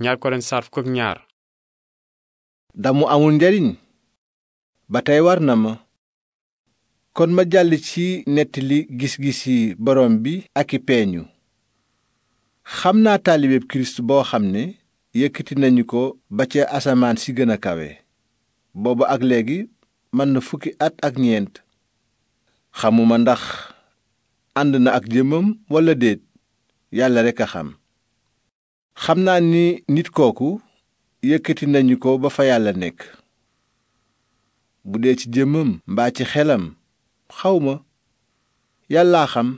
ñaar Korent saar damu amul njariñ ba tey war na ma kon ma jàll ci nettali gis-gis yi borom bi ak i peeñu xam naa taalibeeb kirist boo xam ne yëkkati nañu ko ba ca asamaan si gën a kawe booba ak léegi mën na fukki at ak ñeent xamuma ndax ànd na ak jëmmam walla déet yàlla rekk a xam xam naa ni nit kooku yëkkati nañu ko ba fa yàlla nekk bu dee ci jëmmam mbaa ci xelam xawma yàllaa xam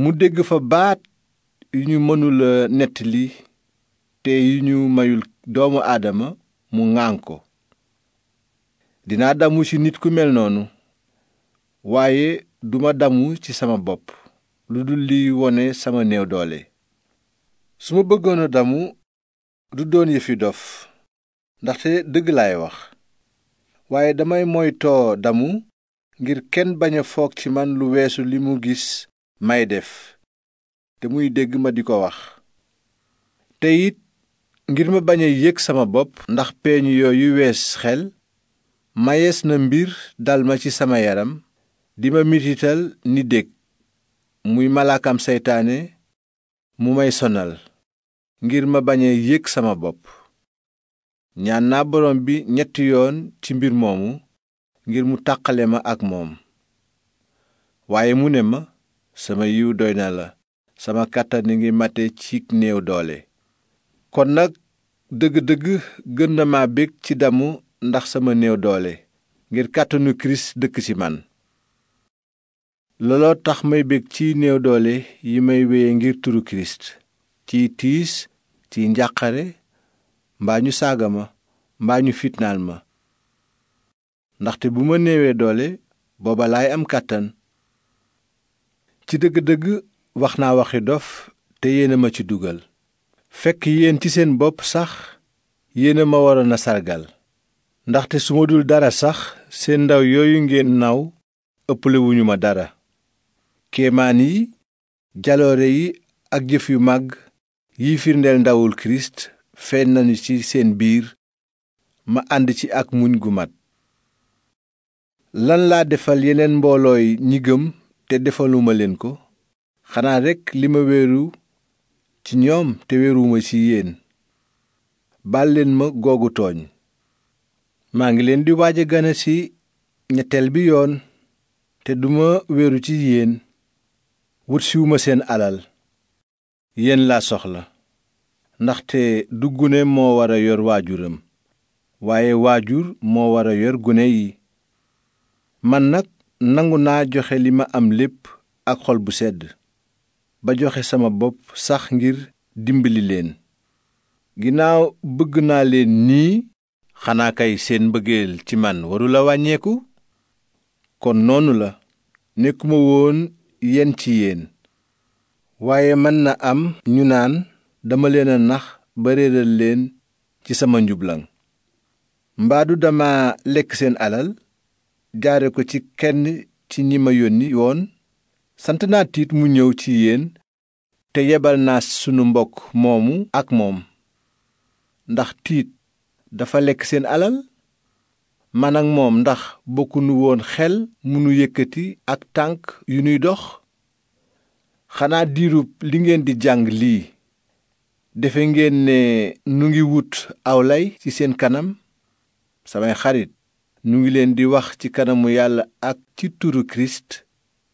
mu dégg fa baat yu ñu mënula nettali te yu ñu mayul doomu aadama mu ŋaan ko dinaa damu ci nit ku mel noonu waaye duma damu ci sama bopp lu dul liy wone sama néew doole su ma bëggoon damu du doon yëfi dof ndaxte dëgg laay wax waaye damay moytoo damu ngir kenn bañ a foog ci man lu weesu li mu gis may def te muy dégg ma di ko wax te it ngir ma bañ a yég sama bopp ndax peeñ yooyu wees xel mayees na mbir dal ma ci sama yaram di ma mitital ni dég muy malaakam seytaane mu may sonal ngir ma bañ a sama bopp ñaan naa borom bi ñetti yoon ci mbir moomu ngir mu tàqale ma ak moom waaye mu ne ma sama yiw doy na la sama kàttan ngi mate ci néew doole kon nag dëgg-dëgg gën na ma bég ci damu ndax sama néew doole ngir kàttanu kirist dëkk ci man looloo tax may bég ci néew doole yi may wéye ngir turu kirist ciy tiis ci njàqare mbaa ñu saaga ma mbaa ñu fitnaal ma ndaxte bu ma néewee doole booba laay am kàttan ci dëgg-dëgg wax naa waxi dof te yéena ma ci dugal fekk yeen ci seen bopp sax yéena ma waroon a sargal ndaxte su ma dul dara sax seen ndaw yooyu ngeen naw ëpplewuñu ma dara kéemaan yi jaloore yi ak jëf yu màgg yi firndeel ndawul kirist feeñ nañu ci seen biir ma ànd ci ak muñ gu mat lan laa defal yeneen mboolooy ñi gëm te defaluma leen ko xanaa rekk li ma wéeru ci ñoom te wéeruwuma ci yéen baal leen ma googu tooñ maa ngi leen di waaja a gane ci ñetteel bi yoon te duma wéeru ci yéen wutsiwuma seen alal yéen laa soxla ndaxte du gune moo war yor waajuram waaye waajur moo war a yor gune yi man nag nangu naa joxe li ma am lépp ak xol bu sedd ba joxe sama bopp sax ngir dimbali leen ginnaaw bëgg naa leen nii xanaa kay seen mbëggeel ci man warula wàññeeku kon noonu la nekkuma woon yen ci yéen waaye mën na am ñu naan dama leen a nax ba réeral leen ci sama njublaŋ mbaadu dama lekk seen alal jaare ko ci kenn ci ñi ma yónni woon sant naa tiit mu ñëw ci yéen te yebal naa sunu mbokk moomu ak moom ndax tiit dafa lekk seen alal man ak moom ndax bokkunu woon xel munu yëkkati ak tànk yu nuy dox xanaa diirub li ngeen di jàng lii defe ngeen ne nu ngi wut aw lay ci seen kanam samay xarit nu ngi leen di wax ci kanamu yàlla ak ci turu kirist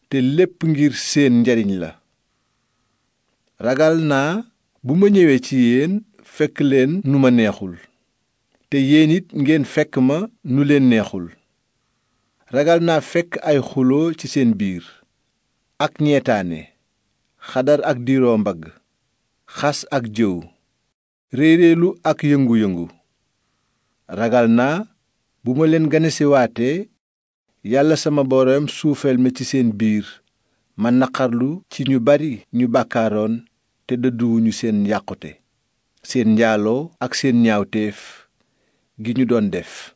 te lépp ngir seen njariñ la ragal naa bu ma ñëwee ci yéen fekk leen nu ma neexul te yéen it ngeen fekk ma nu leen neexul ragal naa fekk ay xuloo ci seen biir ak ñeetaane xadar ak diiroo mbagg xas ak jëw réeréelu ak yëngu-yëngu ragal naa bu ma leen ganesiwaatee yàlla sama boroom suufeel ma ci seen biir ma naqarlu ci ñu bari ñu bàkkaaroon te dëdduwuñu seen yàqute seen njaaloo ak seen ñaawteef gi ñu doon def